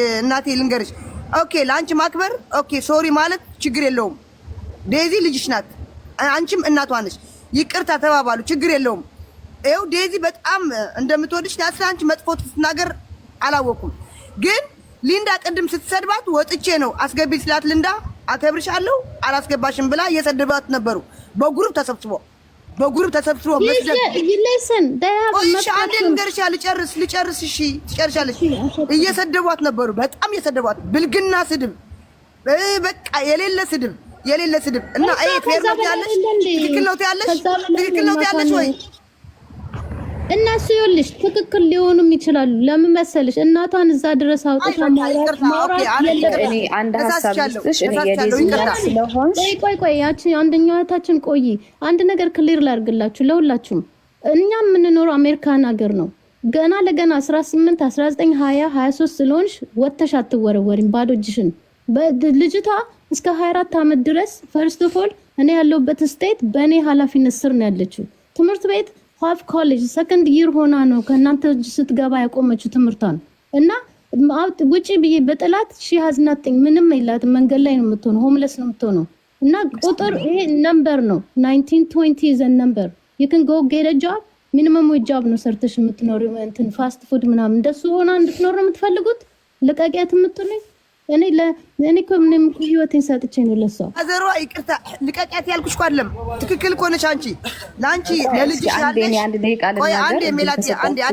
እናቴ ልንገርሽ፣ ኦኬ ለአንቺ ማክበር ኦኬ ሶሪ ማለት ችግር የለውም። ዴዚ ልጅሽ ናት፣ አንቺም እናቷ ነች። ይቅርታ ተባባሉ፣ ችግር የለውም። ይኸው ዴዚ በጣም እንደምትወድሽ ናት። ስለ አንቺ መጥፎ ስትናገር አላወኩም፣ ግን ሊንዳ ቅድም ስትሰድባት ወጥቼ ነው አስገቢ ስላት ሊንዳ አከብርሻለሁ አላስገባሽም ብላ እየሰድባት ነበሩ በጉሩብ ተሰብስቦ በጉርብ ተሰብስቦ መስደግ ይለስን እሺ፣ አንዴ ልንገርሽ፣ ልጨርስ ልጨርስ። አንዴ ልንገርሽ ልጨርስ ልጨርስ እሺ ትጨርሻለች። እየሰደቧት ነበሩ፣ በጣም እየሰደቧት ብልግና ስድብ፣ በቃ የሌለ ስድብ የሌለ ስድብ እና አይ ፌር ነው ያለሽ፣ ትክክል ነው ያለሽ፣ ትክክል ነው ያለሽ ወይ እነሱ ይኸውልሽ ትክክል ሊሆኑም ይችላሉ። ለምን መሰልሽ እናቷን እዛ ድረስ አውጥታ ማውራት ማውራት እኔ አንድ ሀሳብ ልስጥሽ። እኔ የዴዝኛ ስለሆንሽ ቆይ ቆይ ቆይ ያቺ አንደኛው እህታችን ቆይ አንድ ነገር ክሊር ላድርግላችሁ ለሁላችሁም። እኛ የምንኖረው አሜሪካን ሀገር ነው። ገና ለገና 18 19 20 23 ስለሆንሽ ወተሽ አትወረወሪም ባዶ እጅሽን። ልጅቷ እስከ 24 ዓመት ድረስ ፈርስት ኦፍ ኦል እኔ ያለሁበት ስቴት በእኔ ኃላፊነት ስር ነው ያለችው ትምህርት ቤት ሆፍ ኮሌጅ ሰከንድ ይር ሆና ነው ከእናንተ ስትገባ ያቆመችው ትምህርቷን እና ውጪ ብዬ በጥላት ሺ ናቲንግ ምንም የላትም። መንገድ ላይ ነው የምትሆነው፣ ሆምለስ ነው የምትሆነው። እና ቁጥር ይሄ ነምበር ነው። ናይንቲን ትዌንቲ ዘን ነምበር ይክን ጎ ጌደ ጃብ ሚኒመም ጃብ ነው ሰርተሽ የምትኖሪ እንትን ፋስት ፉድ ምናምን እንደሱ ሆና እንድትኖር ነው የምትፈልጉት። ልቀቂያት የምትሉኝ እኔ እኮ ምንም ህይወቴን ሰጥቼ ነው ለሷ። ይቅርታ ልቀቂያት ያልኩሽ እኮ አይደለም። ትክክል እኮ አንቺ። ለአንቺ ለልጅሽ ያለሽ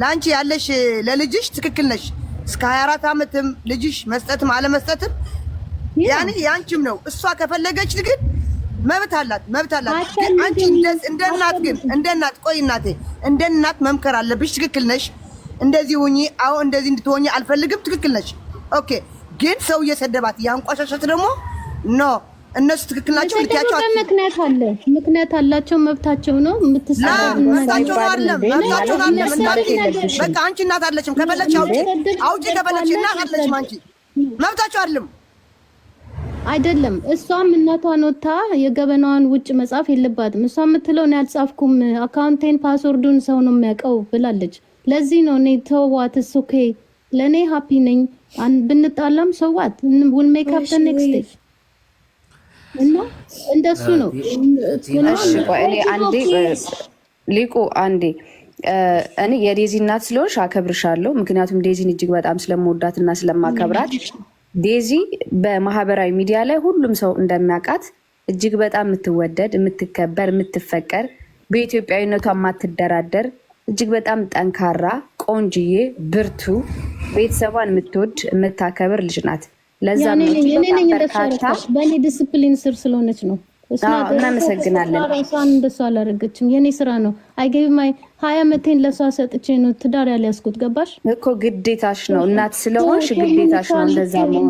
ለአንቺ ያለሽ ለልጅሽ ትክክል ነሽ። እስከ 24 ዓመትም ልጅሽ መስጠትም አለመስጠትም ያኔ ነው። እሷ ከፈለገች ግን መብት አላት፣ መብት አላት። አንቺ እንደ እናት ግን እንደ እናት ቆይ እናቴ፣ እንደ እናት መምከር አለብሽ። ትክክል ነሽ። እንደዚህ ሁኚ፣ አሁን እንደዚህ እንድትሆኚ አልፈልግም። ትክክል ነሽ። ኦኬ። ግን ሰው እየሰደባት ያንቋሻሻት ደግሞ ኖ እነሱ ትክክል ናቸው። ልትያቸው ምክንያት አለ፣ ምክንያት አላቸው፣ መብታቸው ነው። የምትሰራቸው አይደለም መብታቸው አይደለም። በቃ አንቺ እናት አለችም፣ ከፈለግሽ አውጪ አውጪ፣ ከፈለግሽ እናት አለችም። አንቺ መብታቸው አይደለም አይደለም። እሷም እናቷን ወታ የገበናዋን ውጭ መጻፍ የለባትም። እሷ የምትለው ነው ያልጻፍኩም፣ አካውንቴን ፓስወርዱን ሰው ነው የሚያውቀው ብላለች። ለዚህ ነው እኔ ተዋት፣ ኦኬ ለእኔ ሀፒ ነኝ ብንጣላም ሰዋት ውል ሜካፕ ኔክስት እና እንደሱ ነው። ሊቁ አንዴ እኔ የዴዚ እናት ስለሆንሽ አከብርሻለሁ። ምክንያቱም ዴዚን እጅግ በጣም ስለምወዳት እና ስለማከብራት ዴዚ በማህበራዊ ሚዲያ ላይ ሁሉም ሰው እንደሚያውቃት እጅግ በጣም የምትወደድ፣ የምትከበር፣ የምትፈቀር በኢትዮጵያዊነቷ የማትደራደር እጅግ በጣም ጠንካራ ቆንጅዬ፣ ብርቱ ቤተሰቧን የምትወድ የምታከብር ልጅ ናት። ለዛ በርካታ በእኔ ዲስፕሊን ስር ስለሆነች ነው እናመሰግናለን። እሷን እንደሱ የኔ ስራ ነው። አይገቢ ማይ ሀያ ዓመቴን ለእሷ ሰጥቼ ነው ትዳር ያልያዝኩት። ገባሽ እኮ ግዴታሽ ነው። እናት ስለሆንሽ ግዴታሽ ነው እንደዛ መሆን፣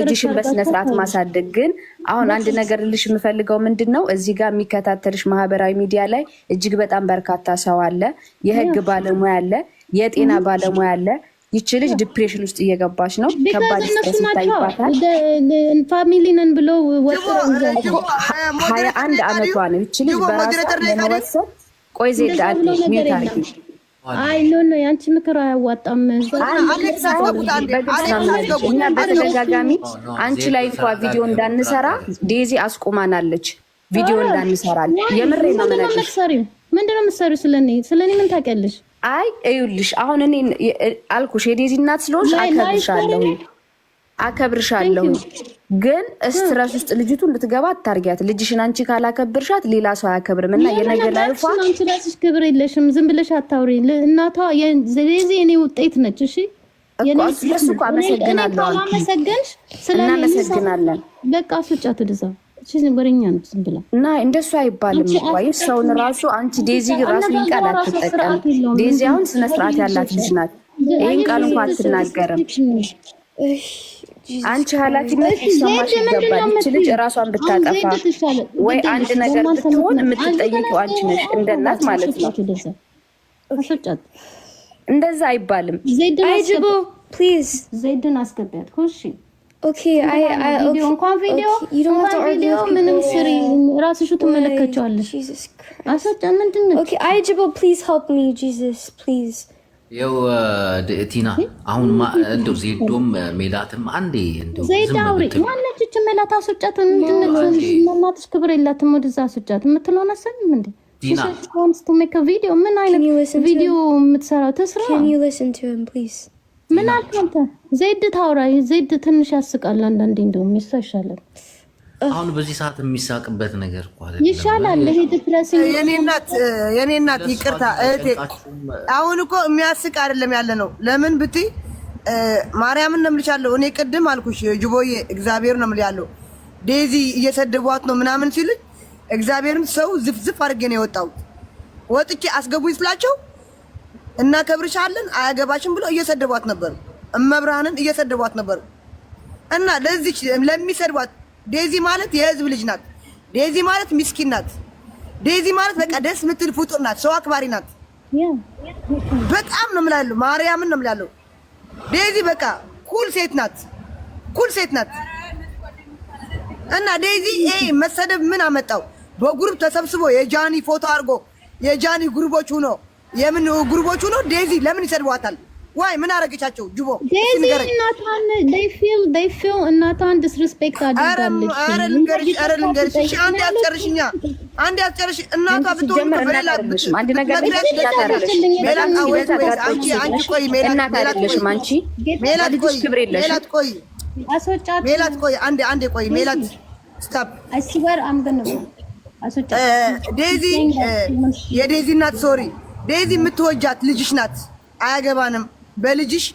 ልጅሽን በስነስርዓት ማሳደግ። ግን አሁን አንድ ነገር ልሽ የምፈልገው ምንድን ነው፣ እዚህ ጋር የሚከታተልሽ ማህበራዊ ሚዲያ ላይ እጅግ በጣም በርካታ ሰው አለ። የህግ ባለሙያ አለ፣ የጤና ባለሙያ አለ ይቺ ልጅ ዲፕሬሽን ውስጥ እየገባች ነው። ከባድ ስትረስ ይታይባታል። ፋሚሊ ነን ብሎ ሀያ አንድ አመቷ ነው ይቺ ልጅ በራሷ ለመወሰን ቆይ ዜዳ ሚዩት አይ ኖ ኖ የአንቺ ምክር አያዋጣም። እኛ በተደጋጋሚ አንቺ ላይ እንኳ ቪዲዮ እንዳንሰራ ዴዚ አስቁማናለች። ቪዲዮ እንዳንሰራል የምሬ ነው። ምንድነው የምትሰሪው? ስለኔ ስለኔ ምን ታውቂያለሽ? አይ እዩልሽ፣ አሁን እኔ አልኩሽ የዴዚ እናት ስለሆንሽ አከብርሻለሁ አከብርሻለሁ፣ ግን ስትረስ ውስጥ ልጅቱ እንድትገባ አታርጊያት። ልጅሽን አንቺ ካላከብርሻት ሌላ ሰው አያከብርም። እና የነገ ላይፏ ስለስሽ ክብር የለሽም። ዝም ብለሽ አታውሪ። እናቷ የዴዚ የኔ ውጤት ነች። እሺ ስለሱ እኮ አመሰግናለሁ። እናመሰግናለን። በቃ ሱጫ ትድዛው ነበረኛ ብላ እና እንደሱ አይባልም። ይባይም ሰውን ራሱ አንቺ ዴዚ ራሱ ቃል አትጠቀም። ዴዚ አሁን ስነስርዓት ያላት ልጅ ናት። ይህን ቃል እንኳ አትናገርም። አንቺ ኃላፊነት ሰማሽ ይገባል። ይች ልጅ እራሷን ብታጠፋ ወይ አንድ ነገር ብትሆን የምትጠየቂው አንቺ ነሽ፣ እንደናት ማለት ነው። እንደዛ አይባልም። አይጅቦ ፕሊዝ ዘይድን አስገቢያት ኦኬ አይ አይ ቪዲዮ እንኳን ቪዲዮ ዩ ዶንት ምንም ስሪ ራስሽ ትመለከቻለሽ አሰጥ ምንድን ነው ኦኬ አይ ጅቦ ፕሊዝ ሄልፕ ሚ ጂሰስ ፕሊዝ ያው ቲና አሁን እንደው ዜዶም ሜላትም አንዴ እንደው ዜድ አውሪ ማነች እቺ ሜላት አስወጫት እንድንል እናትሽ ክብር የላትም ወደዛ አስወጫት የምትለው አሰብም እንዴ ቲና ሆንስ ቱ ሜክ አ ቪዲዮ ምን አይነት ቪዲዮ የምትሰራው ተስራ ካን ዩ ሊስን ቱ ሂም ፕሊዝ ምን አልተ ዘይድ ታውራ ዜድ ትንሽ ያስቃል አንዳንዴ፣ እንደውም ይሳ ይሻላል። አሁን በዚህ ሰዓት የሚሳቅበት ነገር ይሻላል። ይሄ ዲፕሬሲንግ የኔ እናት ይቅርታ እህቴ፣ አሁን እኮ የሚያስቅ አይደለም ያለ ነው። ለምን ብቲ ማርያምን ነው የምልሻለሁ። እኔ ቅድም አልኩሽ ጅቦዬ፣ እግዚአብሔር ነው የምልያለሁ። ዴዚ እየሰደቧት ነው ምናምን ሲሉኝ፣ እግዚአብሔርን ሰው ዝፍዝፍ አድርጌ ነው የወጣው። ወጥቼ አስገቡኝ ስላቸው እናከብርሻለን አያገባሽም ብሎ እየሰደቧት ነበር። እመብርሃንን እየሰደቧት ነበር። እና ለዚች ለሚሰድቧት ዴዚ ማለት የህዝብ ልጅ ናት። ዴዚ ማለት ሚስኪን ናት። ዴዚ ማለት በቃ ደስ የምትል ፍጡር ናት። ሰው አክባሪ ናት። በጣም ነው የምላለው፣ ማርያምን ነው የምላለው። ዴዚ በቃ ኩል ሴት ናት። ኩል ሴት ናት። እና ዴዚ ይሄ መሰደብ ምን አመጣው? በግሩፕ ተሰብስቦ የጃኒ ፎቶ አድርጎ የጃኒ ግሩቦች ሁኖ የምን ጉርቦቹ ነው? ዴዚ ለምን ይሰድቧታል? ዋይ ምን አረገቻቸው? ጁቦ ዴዚ እናቷን they አድርጋለች። አረ አረ እናቷ ብትሆን ሜላት ቆይ የዴዚ እናት ሶሪ ዴዚ የምትወጃት ልጅሽ ናት። አያገባንም በልጅሽ።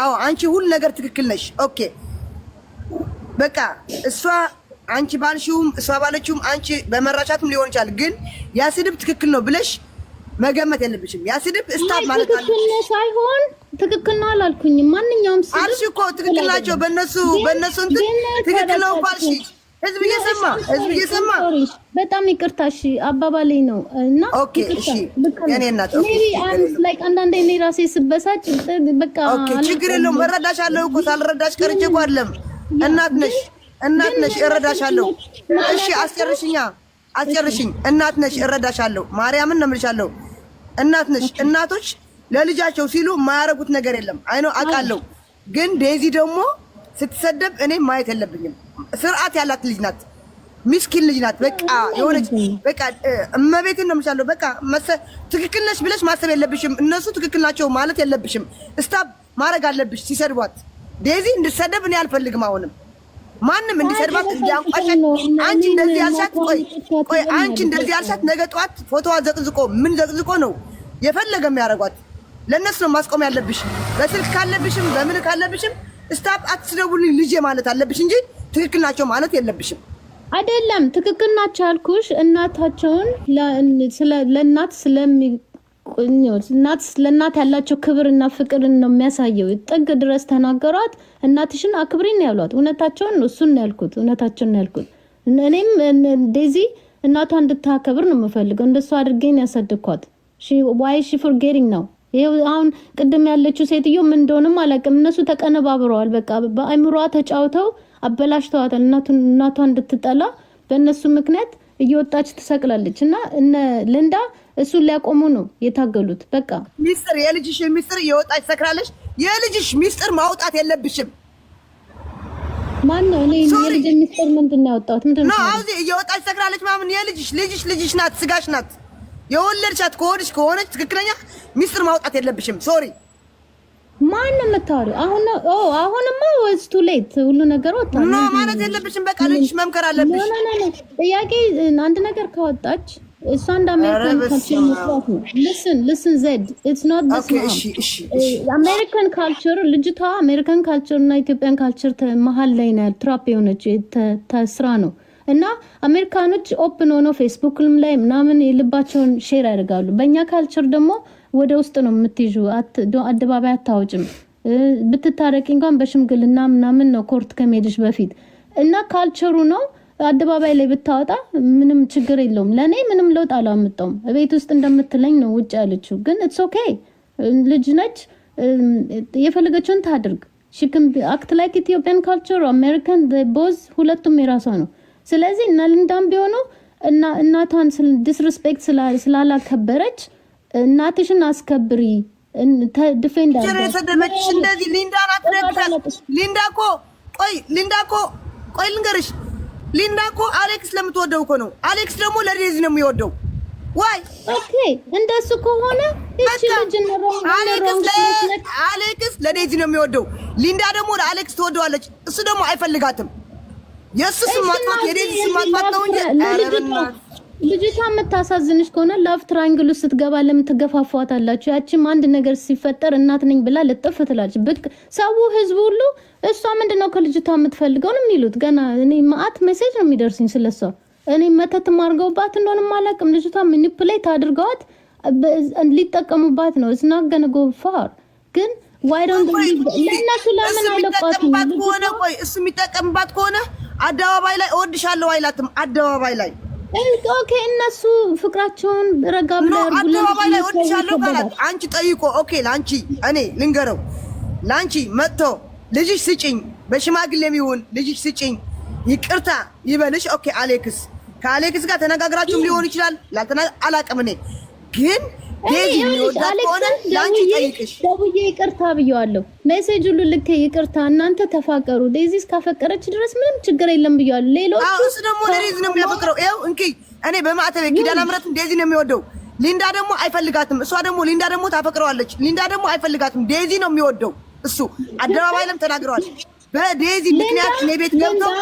አዎ አንቺ ሁሉ ነገር ትክክል ነሽ። ኦኬ በቃ እሷ አንቺ ባልሽውም እሷ ባለችውም አንቺ በመራቻትም ሊሆን ይችላል። ግን ያ ስድብ ትክክል ነው ብለሽ መገመት የለብሽም። ያ ስድብ እስታብ ማለት አለ ሳይሆን ትክክል ነው አላልኩኝም። ማንኛውም ስድብ አልሽ እኮ ትክክል ናቸው። በእነሱ በእነሱ እንትን ትክክል ነው ባልሽ ህዝብ እየሰማ ህዝብ እየሰማ በጣም ነው እና አንዳንዴ እኔ ራሴ ስበሳጭ በቃ ችግር የለውም። እረዳሻለሁ እኮ ሳልረዳሽ ቀርቼ እኮ አይደለም። እናት ነሽ እናት ነሽ እረዳሻለሁ። እሺ አስጨርሽኛ አስጨርሽኝ። እናት ነሽ እረዳሻለሁ። ማርያምን ነው የምልሻለሁ። እናት ነሽ። እናቶች ለልጃቸው ሲሉ የማያረጉት ነገር የለም። አይ ነው አውቃለሁ። ግን ዴዚ ደግሞ ስትሰደብ እኔ ማየት የለብኝም። ስርዓት ያላት ልጅ ናት፣ ሚስኪን ልጅ ናት። በቃ የሆነች በቃ እመቤትን ነው የምልሻለሁ። በቃ ትክክል ነሽ ብለሽ ማሰብ የለብሽም። እነሱ ትክክል ናቸው ማለት የለብሽም። እስታብ ማድረግ አለብሽ። ሲሰድቧት ዴዚ እንድሰደብ እኔ አልፈልግም። አሁንም ማንም እንዲሰድባት እንዲያንቋሸን አንቺ እንደዚህ ያልሻት ቆይ ቆይ አንቺ እንደዚህ ያልሻት ነገ ጠዋት ፎቶዋ ዘቅዝቆ ምን ዘቅዝቆ ነው የፈለገ የሚያደርጓት። ለእነሱ ነው ማስቆም ያለብሽ። በስልክ ካለብሽም በምን ካለብሽም ስታፕ አትስደውልኝ ልጄ ማለት አለብሽ እንጂ ትክክል ናቸው ማለት የለብሽም። አይደለም ትክክል ናቸው አልኩሽ። እናታቸውን ለእናት ስለሚ እናት ለእናት ያላቸው ክብርና ፍቅር ነው የሚያሳየው። ጥግ ድረስ ተናገሯት። እናትሽን አክብሪ ነው ያሏት። እውነታቸውን እሱን ነው ያልኩት። እውነታቸውን ነው ያልኩት። እኔም እንደዚ እናቷ እንድታከብር ነው የምፈልገው። እንደሱ አድርጌን ያሳደግኳት ዋይ ሺ ፎርጌቲንግ ነው ይኸው አሁን ቅድም ያለችው ሴትዮ ምን እንደሆነም አላውቅም። እነሱ ተቀነባብረዋል። በቃ በአእምሯ ተጫውተው አበላሽተዋታል። እናቷ እንድትጠላ በእነሱ ምክንያት እየወጣች ትሰቅላለች። እና እነ ልንዳ እሱን ሊያቆሙ ነው የታገሉት። በቃ ሚስጥር፣ የልጅሽ ሚስጥር እየወጣች ትሰክራለች። የልጅሽ ሚስጥር ማውጣት የለብሽም። ማን ነው እኔ የልጅ ሚስጥር ምንድን ነው ያወጣሁት? ምንድን ነው እየወጣች ትሰክራለች? ማምን የልጅሽ ልጅሽ ልጅሽ ናት፣ ስጋሽ ናት። የወለድሻት ከሆነች ከሆነች ትክክለኛ ሚስጥር ማውጣት የለብሽም። ሶሪ ማን ነው የምታወሪው? አሁን አሁንማ ወይስ ቱ ሌት ሁሉ ነገር ወጣ ነው ማለት የለብሽም። በቃ ልጅሽ መምከር አለብሽ። ጥያቄ አንድ ነገር ካወጣች እሷ እንደ አሜሪካን ካልቸር መስራት ነው። ልስን ልስን ዘድ ኢትስ ኖት አሜሪካን ካልቸር ልጅቷ አሜሪካን ካልቸር እና ኢትዮጵያን ካልቸር መሀል ላይ ነው ትራፕ የሆነች ተስራ ነው እና አሜሪካኖች ኦፕን ሆኖ ፌስቡክም ላይ ምናምን የልባቸውን ሼር ያደርጋሉ። በእኛ ካልቸር ደግሞ ወደ ውስጥ ነው የምትይዙ፣ አደባባይ አታወጭም። ብትታረቂ እንኳን በሽምግልና ምናምን ነው ኮርት ከመሄድሽ በፊት እና ካልቸሩ ነው አደባባይ ላይ ብታወጣ ምንም ችግር የለውም። ለእኔ ምንም ለውጥ አላመጣውም። ቤት ውስጥ እንደምትለኝ ነው ውጭ ያለችው። ግን ኢትስ ኦኬ ልጅ ነች፣ የፈለገችውን ታድርግ። ሽክም አክት ላይክ ኢትዮጵያን ካልቸር አሜሪካን ቦዝ ሁለቱም የራሷ ነው። ስለዚህ እና ልንዳም ቢሆኑ እናቷን ዲስሪስፔክት ስላላከበረች እናትሽን አስከብሪ ዲፌንድ የሰደበችሽ እንደዚህ ሊንዳ ናት። ደግሳት ሊንዳ እኮ ቆይ ሊንዳ እኮ ቆይ ልንገርሽ፣ ሊንዳ እኮ አሌክስ ለምትወደው እኮ ነው። አሌክስ ደግሞ ለዴዚ ነው የሚወደው። ዋይ ኦኬ፣ እንደሱ ከሆነ አሌክስ ለዴዚ ነው የሚወደው። ሊንዳ ደግሞ ለአሌክስ ትወደዋለች፣ እሱ ደግሞ አይፈልጋትም። የእሱ ስም ማጥፋት የኔ ስም ማጥፋት ነው እንጂ ልጅቷ የምታሳዝንሽ ከሆነ ላፍ ትራንግሉ ውስጥ ስትገባ ለምትገፋፏት አላችሁ። ያቺም አንድ ነገር ሲፈጠር እናት ነኝ ብላ ልጥፍ ትላለች። ብቅ ሰው ህዝብ ሁሉ እሷ ምንድን ነው ከልጅቷ የምትፈልገው ነው የሚሉት። ገና እኔ መአት ሜሴጅ ነው የሚደርሱኝ ስለሷ። እኔ መተትም ማርገውባት እንደሆንም አላውቅም። ልጅቷ ማኒፕሌት አድርገዋት ሊጠቀሙባት ነው። እስናገነ ጎፋር ግን ለእነሱ ለምን አለቋት ከሆነ ቆይ እሱ የሚጠቀምባት ከሆነ አደባባይ ላይ እወድሻለሁ አይላትም። አደባባይ ላይ ኦኬ፣ እነሱ ፍቅራቸውን ረጋ ብለው አደባባይ ላይ እወድሻለሁ ካላት አንቺ ጠይቆ ኦኬ፣ ለአንቺ እኔ ልንገረው፣ ለአንቺ መጥቶ ልጅሽ ስጭኝ፣ በሽማግሌም ይሁን ልጅሽ ስጭኝ፣ ይቅርታ ይበልሽ። ኦኬ፣ አሌክስ ከአሌክስ ጋር ተነጋግራችሁም ሊሆን ይችላል። ላልተና አላቅም እኔ ግን ደውዬ ይቅርታ ብየዋለሁ። ሜሴጅ ሁሉ ልክ ይቅርታ፣ እናንተ ተፋቀሩ፣ ዴዚ እስካፈቀረች ድረስ ምንም ችግር የለም ብየዋለሁ። ሌሎቹ እሱ ደግሞ ዴዚ ነው የሚያፈቅረው። ይኸው እንኪ እኔ በማዕተቤ ኪዳነ ምሕረትን ዴዚ ነው የሚወደው። ሊንዳ ደግሞ አይፈልጋትም። እሷ ደግሞ ሊንዳ ደግሞ ታፈቅረዋለች። ሊንዳ ደግሞ አይፈልጋትም። ዴዚ ነው የሚወደው እሱ። አደባባይ ለም ተናግረዋል። በዴዚ ምክንያት እኔ ቤት ገብተው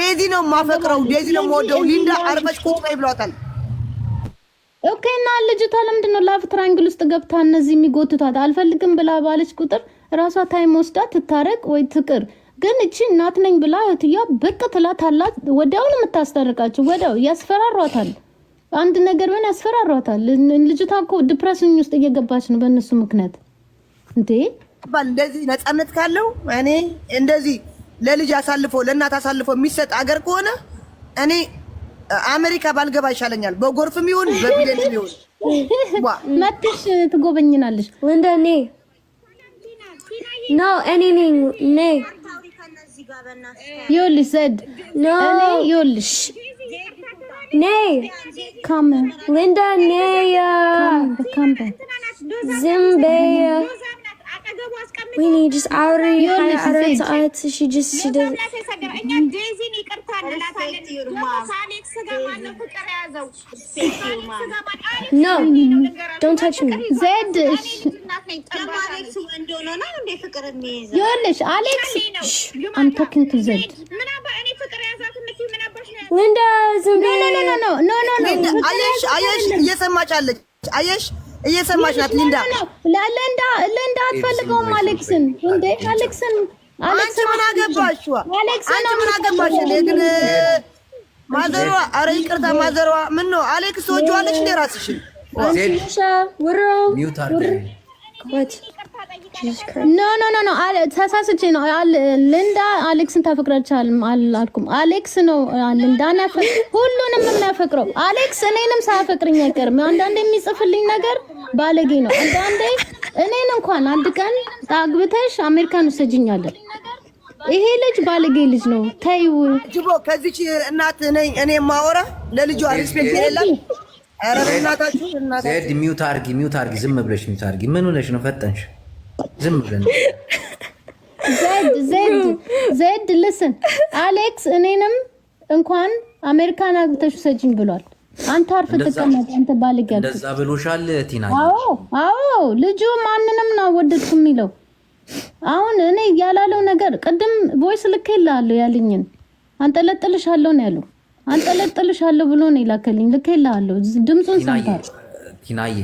ዴዚ ነው የማፈቅረው፣ ዴዚ ነው የምወደው፣ ሊንዳ አርፈሽ ቁጭ በይ ብለዋታል። ኦኬ እና ልጅቷ ለምንድን ነው ላቭ ትራንግል ውስጥ ገብታ እነዚህ የሚጎትቷት? አልፈልግም ብላ ባለች ቁጥር ራሷ ታይም ወስዳ ትታረቅ ወይ ትቅር። ግን እቺ እናት ነኝ ብላ እህትያ ብቅ ትላት አላት። ወዲያውን የምታስታርቃቸው ወዲያው ያስፈራሯታል። አንድ ነገር ቢሆን ያስፈራሯታል። ልጅቷ እኮ ዲፕረሽን ውስጥ እየገባች ነው በእነሱ ምክንያት። እንዴ እንደዚህ ነፃነት ካለው እኔ እንደዚህ ለልጅ አሳልፎ ለእናት አሳልፎ የሚሰጥ አገር ከሆነ እኔ አሜሪካ ባልገባ ይሻለኛል። በጎርፍም ይሁን በቢለን ይሁን መጥሽ ትጎበኝናለሽ። ወንደኔ ኖ እኔ ነኝ ነ ይኸውልሽ ዘድ ኖ ይኸውልሽ ኔ ካም ሊንዳ ኔ ያ ዝም በይ ወይኔ ጅስ አውሪ አውሪ ሰዓት እሺ ጅስ ሽደ እኛ ዴዚን ይቅርታ እንላታለን። ከአሌክስ ጋር ማነው ፍቅር የያዘው? ነው ዶንት ታች ሚ ዘድ ይኸውልሽ፣ አሌክስ አም ታኪንግ ቱ ዘድ ምናባ እኔ ፍቅር እየሰማሽ ናት ሊንዳ? ለሊንዳ ሊንዳ አትፈልገውም አሌክስን። እንዴ አሌክስን አንቺ ምን አገባሽ? አንቺ ምን አገባሽ? ግን ማዘሯ፣ አረ ይቅርታ ማዘሯ። ምን ነው አሌክስ ወጆ አለሽ እንዴ ራስሽ አንቺሻ ኖ ኖ ኖ ኖ ተሳስቼ ነው። ሊንዳ አሌክስን ታፈቅረቻል አላልኩም። አሌክስ ነው ሊንዳን ሁሉንም የምናፈቅረው። አሌክስ እኔንም ሳያፈቅርኝ አይቀርም። አንዳንድ የሚጽፍልኝ ነገር ባለጌ ነው። አንዳንዴ እኔን እንኳን አንድ ቀን አግብተሽ አሜሪካን ውሰጅኛለን። ይሄ ልጅ ባለጌ ልጅ ነው። ተይው ጅቦ ከዚች እናት ነኝ እኔ ማወራ ለልጇ ሪስፔክት የለም። እናታችሁ እናታችሁ። ዜድ ሚውት አርጊ፣ ሚውት አርጊ፣ ዝም ብለሽ ሚውት አርጊ። ምን ሆነሽ ነው ፈጠንሽ? ዝም ብለን ዜድ ዜድ ዜድ ልስን አሌክስ እኔንም እንኳን አሜሪካን አግብተሽ ውሰጅኝ ብሏል። አንተ አርፍ ተቀመጥ። አንተ ባልጋ እንደዛ ብሎሻል ቲና? አዎ አዎ። ልጁ ማንንም ነው ወደድኩ የሚለው አሁን እኔ ያላለው ነገር ቅድም ቮይስ ልኬልሃለሁ ያለኝን አንጠለጥልሻለሁ ነው ያለው። አንጠለጥልሻለሁ ብሎ ነው የላከልኝ። ልኬልሃለሁ ድምፁን ሰምታል። ቲናዬ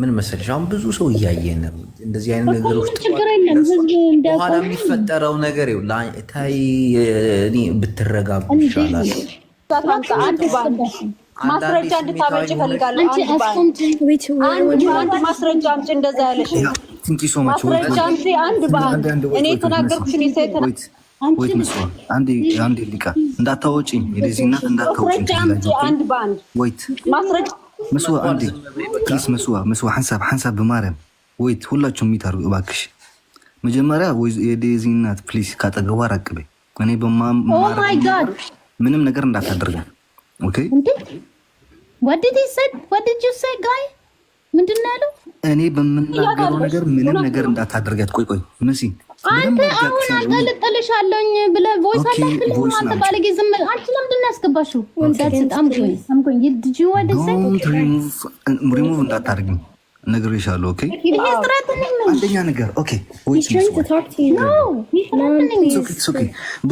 ምን መሰለሽ፣ አሁን ብዙ ሰው እያየ ነው እንደዚህ አይነት ነገሮች። ችግር የለም ህዝብ በኋላ የሚፈጠረው ነገር ው ታይ እኔ ብትረጋጉ ይሻላል። ማስረጃ እንድታመጭ ይፈልጋሉ። አንድ ማስረጃ አምጪ እንደዛ ያለሽ ማስረጃ አምጪ አንድ በአንድ እኔ የተናገርኩሽን ሊቃ እንዳታወጪኝ የዚህ እናት እንዳታወጪኝ አንዴ ፕሊስ ወይት ሁላችሁም የሚታሩ እባክሽ መጀመሪያ እናት ፕሊስ ካጠገቧ ራቅ በይ። እኔ በማ oh ምንም ነገር እንዳታደርጋል ምንድን ያለው? እኔ በምናገረው ነገር ምንም ነገር እንዳታደርጋት። ቆይ ቆይ መሲ አንተ አሁን አልጋ ብለህ ቮይስ አላክልኝም። አንተ ባለጌ ዝም አንቺ ለምንድን ነው ያስገባሽው? ሪሙቭ ኦኬ አንደኛ ነገር ኦኬ፣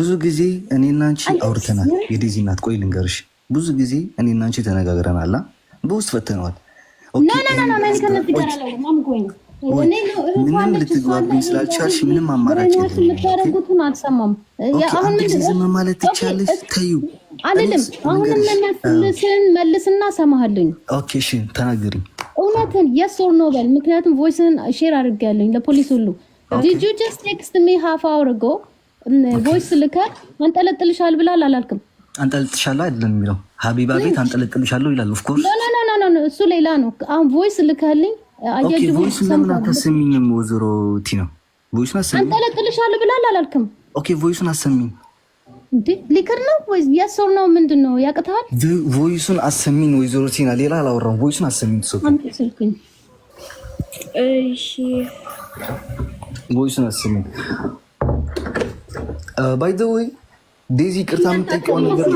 ብዙ ጊዜ እኔና አንቺ አውርተናል። የዴዚ እናት ቆይ ልንገርሽ ብዙ ጊዜ እኔና አንቺ ተነጋግረናል፣ በውስጥ ፈተነዋል። ምንም ልትግባብኝ ስላልቻልሽ ምንም አማራጭ የምታደርጉትን አልሰማም። ዝም ማለት ትቻለሽ። ተዩ አልልም። አሁንም መልስን መልስና ሰማሃለኝ። ኦኬ ተናገሪኝ፣ እውነትን የስ ኦር ኖ በል። ምክንያቱም ቮይስን ሼር አድርግ ያለኝ ለፖሊስ ሁሉ። ዲድ ጀስት ቴክስት ሚ ሀፍ አወር ጎ ቮይስ ልከ መንጠለጥልሻል ብላል አላልክም? አንጠልጥሻለሁ አይደለም የሚለው ሀቢባ ቤት አንጠለጥልሻለሁ ይላል። ኦፍኮርስ እሱ ሌላ ነው። አሁን ቮይስ ልካልኝ ቮይስ ለምን አታሰሚኝም? ወይዘሮ ቲ ነው ቮይሱን አሰሚኝ። አንጠለጥልሻለሁ ብላል አላልክም? ኦኬ ቮይሱን አሰሚኝ። ሊክር ነው ወይ ያሰው ነው? ምንድን ነው ያቅተሃል? ቮይሱን አሰሚኝ ወይዘሮ ቲና። ሌላ አላወራም። ቮይሱን አሰሚኝ። ስልኩኝ እሺ፣ ቮይሱን አሰሚኝ ባይ ዘ ወይ ዴዚ ቅርታ የምጠይቀው ነገር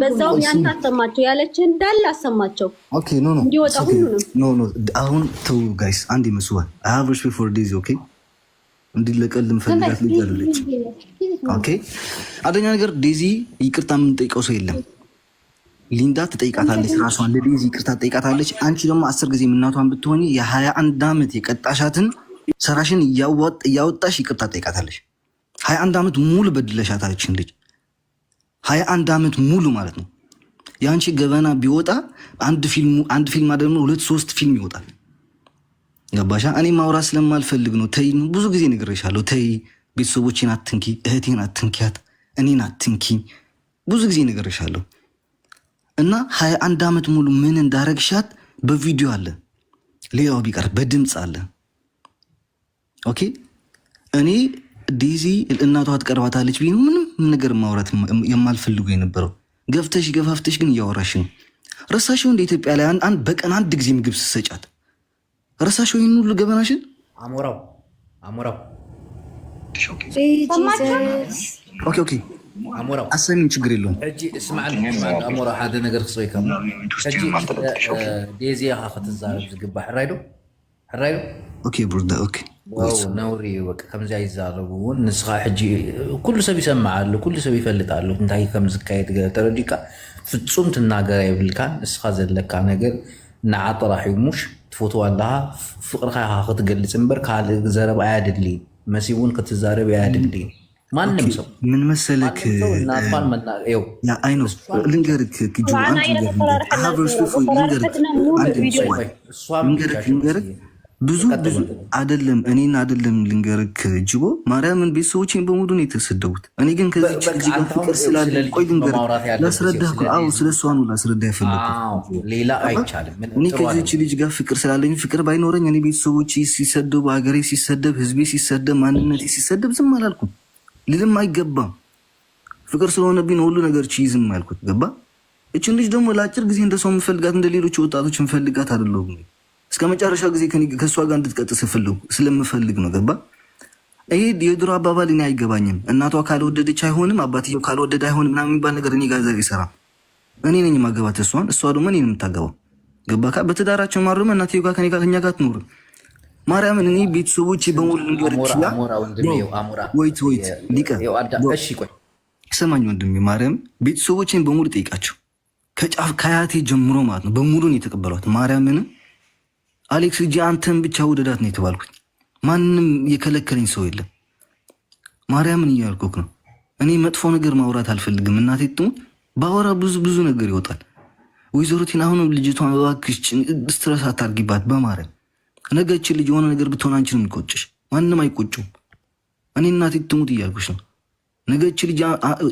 በዛውም ያንተ አሰማቸው ያለች እንዳለ አሰማቸው። ኖ ኖ ኖ አሁን ተው ጋይስ፣ አንድ ይመስዋል አቨርሽ ፎር ዴዚ ኦኬ። እንዲለቀል ልንፈልጋት ልጅ አለች። ኦኬ አንደኛ ነገር ዴዚ ይቅርታ የምንጠይቀው ሰው የለም። ሊንዳ ትጠይቃታለች፣ ራሷን ለዴዚ ይቅርታ ትጠይቃታለች። አንቺ ደግሞ አስር ጊዜ የምናቷን ብትሆኒ የሀያ አንድ ዓመት የቀጣሻትን ሰራሽን እያወጣሽ ይቅርታ ትጠይቃታለች። ሀያ አንድ ዓመት ሙሉ በድለሻታችን ልጅ ሀያ አንድ ዓመት ሙሉ ማለት ነው። የአንቺ ገበና ቢወጣ አንድ ፊልም አደግሞ ሁለት ሶስት ፊልም ይወጣል። ገባሻ? እኔ ማውራት ስለማልፈልግ ነው። ተይ ብዙ ጊዜ ነግሬሻለሁ። ተይ ቤተሰቦቼን አትንኪ፣ እህቴን አትንኪያት፣ እኔን አትንኪ። ብዙ ጊዜ ነግሬሻለሁ እና ሀያ አንድ ዓመት ሙሉ ምን እንዳረግሻት በቪዲዮ አለ፣ ሌላው ቢቀር በድምፅ አለ። ኦኬ እኔ ዴዚ እናቷ ትቀርባታለች ቢ ምንም ምንም ነገር ማውራት የማልፈልጉ የነበረው ገፍተሽ ገፋፍተሽ ግን እያወራሽ ነው። ረሳሽው እንደ ኢትዮጵያ ላይ አንድ በቀን አንድ ጊዜ ምግብ ስሰጫት ረሳሽው ይህን ሁሉ ገበናሽን አሞራው አሞራው ኦኬ ኦኬ አሞራው አሰሚኝ ችግር የለውም ሓደ ነገር ክፅበይካ ዴዚ ካ ክትዛረብ ዝግባእ ሕራይ ዶ ሕራይ ዶ اوكي برودا اوكي نوري وك كم زي زاربون نسخة حجي كل سبي سمع له كل سبي فلت على له انتهي كم زكاية تقدر ترى ديكا في تصوم تناقر نسخة زي لك انا قل تفوتوا عندها فقر خايها خط قل سمبر كهال زارب عاد اللي مسيبون قد تزارب عاد اللي ما نمسو من مسلك نعطان من نعطان ايو لا اينو لنقرك ብዙ ብዙ አደለም እኔን አደለም ልንገርክ ጅቦ ማርያምን ቤተሰቦችን በሙሉ ነው የተሰደቡት። እኔ ግን ከዚች ልጅ ጋር ፍቅር ስላለ ቆይ ልንገር ላስረዳ አዎ፣ ስለ እሷ ነው ላስረዳህ የፈለኩት። እኔ ከዚች ልጅ ጋር ፍቅር ስላለኝ ፍቅር ባይኖረኝ እኔ ቤተሰቦች ሲሰደቡ፣ ሀገሬ ሲሰደብ፣ ህዝቤ ሲሰደብ፣ ማንነቴ ሲሰደብ ዝም አላልኩም፣ ልልም አይገባም። ፍቅር ስለሆነብኝ ሁሉ ነገር ችይ ዝም አልኩት። ገባ እችን ልጅ ደግሞ ለአጭር ጊዜ እንደሰው የምፈልጋት እንደ ሌሎች ወጣቶች እንፈልጋት አይደለሁም እስከ መጨረሻ ጊዜ ከእሷ ጋር እንድትቀጥ ስፍልው ስለምፈልግ ነው። ገባ? ይሄ የድሮ አባባል እኔ አይገባኝም። እናቷ ካልወደደች አይሆንም፣ አባትየው ካልወደደ አይሆንም ምናምን የሚባል ነገር እኔ ጋር ዘር ይሰራ። እኔ ነኝ ማገባት እሷን፣ እሷ ደግሞ እኔ የምታገባው ገባ? በትዳራቸው ማርም እናትየው ጋር ከኛ ጋር ትኖር ማርያምን እኔ ቤተሰቦች በሙሉ ልንገር ወይት ወይት ሊቀ ሰማኝ ወንድሜ ማርያም ቤተሰቦችን በሙሉ ጠይቃቸው ከጫፍ ከያቴ ጀምሮ ማለት ነው በሙሉን የተቀበሏት ማርያምን አሌክስ ልጅ አንተን ብቻ ውደዳት ነው የተባልኩኝ። ማንም የከለከለኝ ሰው የለም። ማርያምን እያልኩክ ነው። እኔ መጥፎ ነገር ማውራት አልፈልግም። እናቴ ትሙት ባወራ ብዙ ብዙ ነገር ይወጣል። ወይዘሮቴን አሁንም ልጅቷን እባክሽ ስትረስ አታርጊባት በማርያም ነገችን ልጅ የሆነ ነገር ብትሆን አንቺ የሚቆጭሽ፣ ማንም አይቆጩም። እኔ እናቴ ትሙት እያልኩሽ ነው። ነገች ልጅ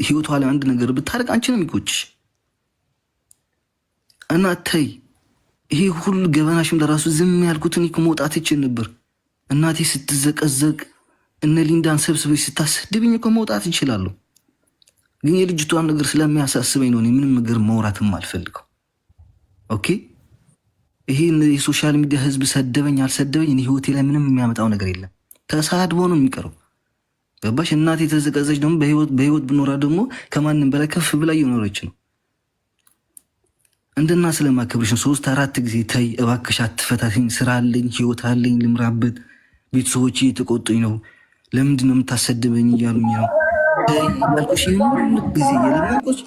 ህይወቷ ላይ አንድ ነገር ብታደርግ አንቺ የሚቆጭሽ እና ተይ ይሄ ሁሉ ገበናሽም ለራሱ ዝም ያልኩትን እኮ መውጣት ይችል ነበር። እናቴ ስትዘቀዘቅ እነ ሊንዳን ሰብስበ ስታስድብኝ እኮ መውጣት እችላለሁ። ግን የልጅቷን ነገር ስለሚያሳስበኝ ነው ምንም ነገር መውራትም አልፈልገው። ኦኬ ይሄ የሶሻል ሚዲያ ህዝብ ሰደበኝ አልሰደበኝ ህይወቴ ላይ ምንም የሚያመጣው ነገር የለም። ተሳድቦ ነው የሚቀረው። ገባሽ? እናቴ የተዘቀዘች ደግሞ በህይወት ብኖራ ደግሞ ከማንም በላይ ከፍ ብላ እየኖረች ነው። እንድና ስለማከብርሽ ሶስት አራት ጊዜ ታይ እባክሽ አትፈታትኝ፣ ስራ አለኝ፣ ህይወት አለኝ፣ ልምራበት፣ ቤተሰቦች እየተቆጡኝ ነው፣ ለምንድን ነው የምታሰድበኝ እያሉኝ ነው ያልኩሽ። ጊዜ የለቆች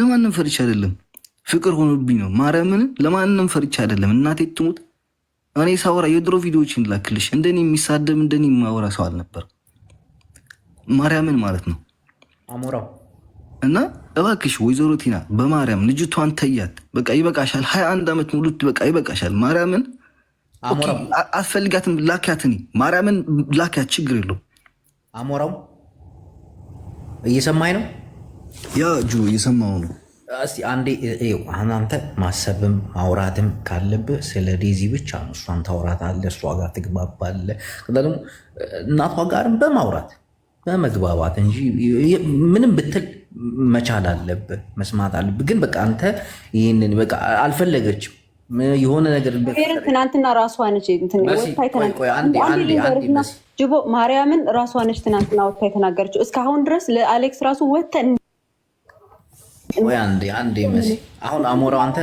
ለማንም ፈርቻ አይደለም፣ ፍቅር ሆኖብኝ ነው። ማርያምን ለማንም ፈርቻ አይደለም። እናቴ ትሙት፣ እኔ ሳወራ የድሮ ቪዲዮዎችን ላክልሽ። እንደኔ የሚሳደብ እንደኔ የማወራ ሰው አልነበር። ማርያምን ማለት ነው አሞራው እና እባክሽ ወይዘሮ ቲና በማርያም ልጅቷን ተያት። በቃ ይበቃሻል። ሀያ አንድ ዓመት ሙሉ በቃ ይበቃሻል። ማርያምን አስፈልጋትም ላኪያት፣ እኔ ማርያምን ላኪያት፣ ችግር የለው። አሞራው እየሰማኝ ነው። ያ እጁ እየሰማው ነው። እስቲ አንዴ አሁን አንተ ማሰብም ማውራትም ካለብህ ስለ ዴዚ ብቻ ነው። እሷን ታውራት አለ እሷ ጋር ትግባባለ ከዛ ደግሞ እናቷ ጋርም በማውራት በመግባባት እንጂ ምንም ብትል መቻል አለብ መስማት አለብ። ግን በቃ አንተ ይህንን በቃ አልፈለገችም የሆነ ነገር ትናንትና ራሷ ነች ጅቦ ማርያምን ራሷ ነች ትናንትና ወታ የተናገረችው። እስካሁን ድረስ ለአሌክስ ራሱ ወተ አሁን አሞራው አንተ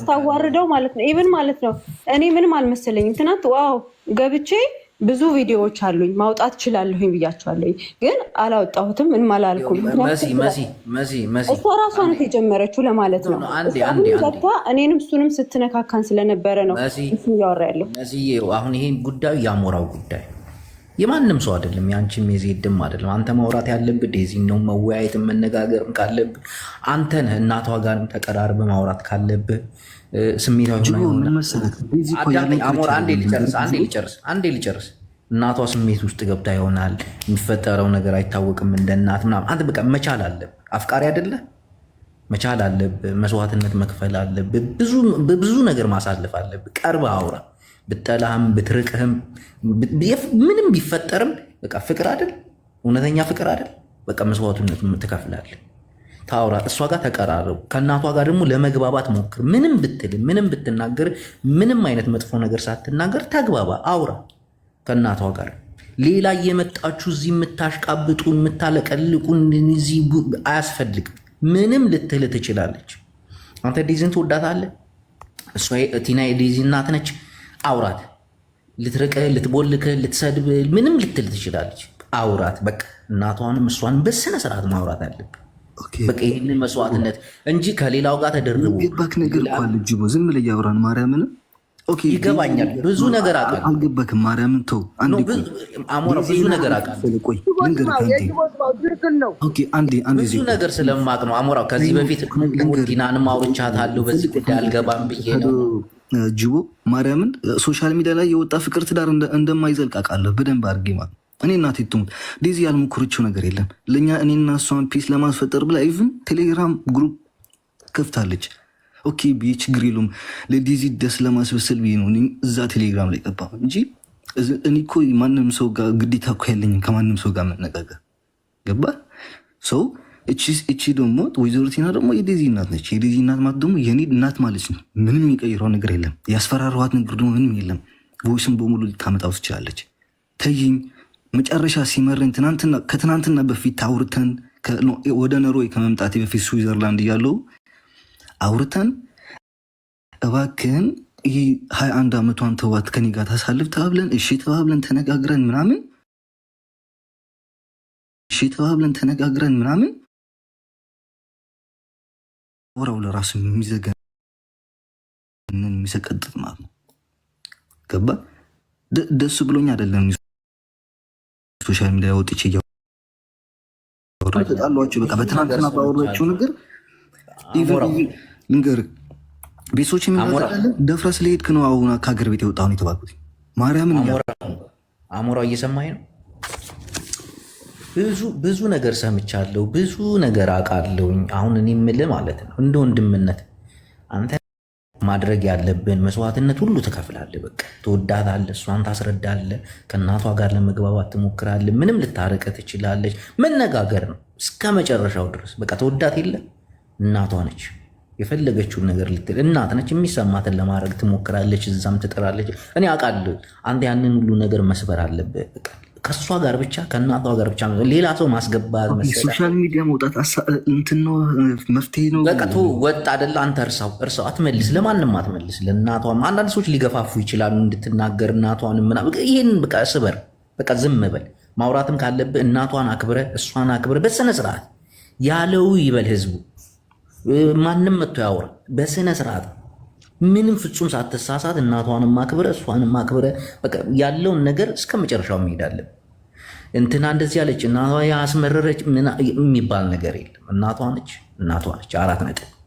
ስታዋርደው ማለት ነው ኢቨን ማለት ነው እኔ ምንም አልመሰለኝም ትናንት ዋው ገብቼ ብዙ ቪዲዮዎች አሉኝ ማውጣት እችላለሁኝ ብያቸዋለኝ፣ ግን አላወጣሁትም። እንም አላልኩም። እሷ ራሷ ናት የጀመረችው ለማለት ነው። እኔንም እሱንም ስትነካካን ስለነበረ ነው እያወራ ያለው። አሁን ይሄ ጉዳዩ ያሞራው ጉዳይ የማንም ሰው አይደለም፣ የአንቺም የዜድም አይደለም። አንተ ማውራት ያለብህ ዴዚን ነው። መወያየት መነጋገርም ካለብህ አንተን እናቷ ጋርም ተቀራርበህ ማውራት ካለብህ ስሜታዊ ልጨርስ እናቷ ስሜት ውስጥ ገብታ ይሆናል የሚፈጠረው ነገር አይታወቅም። እንደ እናት ምናምን አንተ በቃ መቻል አለብህ። አፍቃሪ አይደለ መቻል አለብህ። መስዋዕትነት መክፈል አለብህ። ብዙ ነገር ማሳለፍ አለብህ። ቀርበ አውራ ብጠላህም ብትርቅህም ምንም ቢፈጠርም በቃ ፍቅር አይደል እውነተኛ ፍቅር አይደል በቃ መስዋዕትነት ትከፍላለህ። ታውራ፣ እሷ ጋር ተቀራረቡ። ከእናቷ ጋር ደግሞ ለመግባባት ሞክር። ምንም ብትል፣ ምንም ብትናገር፣ ምንም አይነት መጥፎ ነገር ሳትናገር ተግባባ፣ አውራ ከእናቷ ጋር። ሌላ እየመጣችሁ እዚህ የምታሽቃብጡ የምታለቀልቁ እዚህ አያስፈልግም። ምንም ልትል ትችላለች። አንተ ዴዚን ትወዳታለህ። እሷ ቲና ዴዚ እናት ነች። አውራት። ልትርቅ፣ ልትቦልክ፣ ልትሰድብ፣ ምንም ልትል ትችላለች። አውራት። በቃ እናቷንም እሷን በስነ ስርዓት ማውራት አለብን። በቃ ይህንን መስዋዕትነት እንጂ ከሌላው ጋር ተደርጎ ገባክ ነገር እኳን ልጅ ዝም ብለህ እያወራን ማርያምን ይገባኛል። ብዙ ነገር አውቃለሁ። አልገባክም። ማርያምን ተው። አሞራ ብዙ ነገር አውቃለሁ። ብዙ ነገር ስለማቅ ነው። አሞራ ከዚህ በፊት ዲናንም አውርቻታለሁ። በዚህ ጉዳይ አልገባም ብዬ ነው። ጅቦ ማርያምን ሶሻል ሚዲያ ላይ የወጣ ፍቅር ትዳር እንደማይዘልቅ አውቃለሁ በደንብ አድርጌ ማለት ነው እኔ እናቴ ትሙት ዴዚ ያልሞከረችው ነገር የለም። ለእኛ እኔና እሷን ፒስ ለማስፈጠር ብላ ኢቭን ቴሌግራም ግሩፕ ከፍታለች። ኦኬ ብዬ ችግር የለውም ለዴዚ ደስ ለማስበሰል ብ ነው እዛ ቴሌግራም ላይ ገባ እንጂ እኔ እኮ ማንም ሰው ጋር ግዴታ እኮ ያለኝም ከማንም ሰው ጋር መነጋገር ገባ ሰው እቺ ደግሞ ወይዘሮ ቲና ደግሞ የዴዚ እናት ነች። የዴዚ እናት ማለት ደግሞ የኔ እናት ማለት ነው። ምንም የቀይረው ነገር የለም። ያስፈራረዋት ነገር ደግሞ ምንም የለም። ቮይስም በሙሉ ልታመጣው ትችላለች። ተይኝ መጨረሻ ሲመረኝ ከትናንትና በፊት አውርተን ወደ ኖርዌይ ከመምጣቴ በፊት ስዊዘርላንድ እያለሁ አውርተን እባክህን ይህ ሀያ አንድ ዓመቷን ተዋት ከኔ ጋር ታሳልፍ ተባብለን እሺ ተባብለን ተነጋግረን ምናምን እሺ ተባብለን ተነጋግረን ምናምን ወረው ለራሱ የሚዘገንን የሚሰቀጥጥ ማለት ነው። ገባ ደሱ ብሎኝ አይደለም ሶሻል ሚዲያ ወጥቼ እያወጣላቸው በቃ በትናንትና ባወራችው ነገር ንገር ቤተሰቦች የሚመጣለን ደፍረህ ስለሄድክ ነው አሁን ከሀገር ቤት የወጣሁን የተባልኩት። ማርያምን አሞራው እየሰማኝ ነው። ብዙ ብዙ ነገር ሰምቻለሁ፣ ብዙ ነገር አውቃለሁኝ። አሁን እኔ የምልህ ማለት ነው እንደ ወንድምነት አንተ ማድረግ ያለብን መስዋዕትነት ሁሉ ትከፍላለህ። በቃ ትወዳታለህ፣ እሷን ታስረዳለህ፣ ከእናቷ ጋር ለመግባባት ትሞክራለህ። ምንም ልታረቀ ትችላለች። መነጋገር ነው እስከ መጨረሻው ድረስ። በቃ ተወዳት የለ እናቷ ነች። የፈለገችውን ነገር ልትል እናት ነች። የሚሰማትን ለማድረግ ትሞክራለች፣ እዛም ትጥራለች። እኔ አውቃለሁ። አንተ ያንን ሁሉ ነገር መስበር አለብህ። ከእሷ ጋር ብቻ ከእናቷ ጋር ብቻ ሌላ ሰው ማስገባት ሶሻል ሚዲያ መውጣት እንትን ነው መፍትሄ ነው። በቀቱ ወጥ አደለ። አንተ እርሳው እርሳው፣ አትመልስ፣ ለማንም አትመልስ። ለእናቷም አንዳንድ ሰዎች ሊገፋፉ ይችላሉ እንድትናገር እናቷን ምናምን። ይህን በቃ ስበር፣ በቃ ዝም በል። ማውራትም ካለብህ እናቷን አክብረ፣ እሷን አክብረ፣ በስነ ስርዓት ያለው ይበል ህዝቡ። ማንም መጥቶ ያውራ በስነ ስርዓት ምንም ፍጹም ሳትሳሳት እናቷንም አክብረ እሷንም አክብረ ያለውን ነገር እስከ መጨረሻው መሄዳለን። እንትና እንደዚህ አለች፣ እናቷ ያስመረረች የሚባል ነገር የለም። እናቷ ነች፣ እናቷ ነች። አራት ነጥብ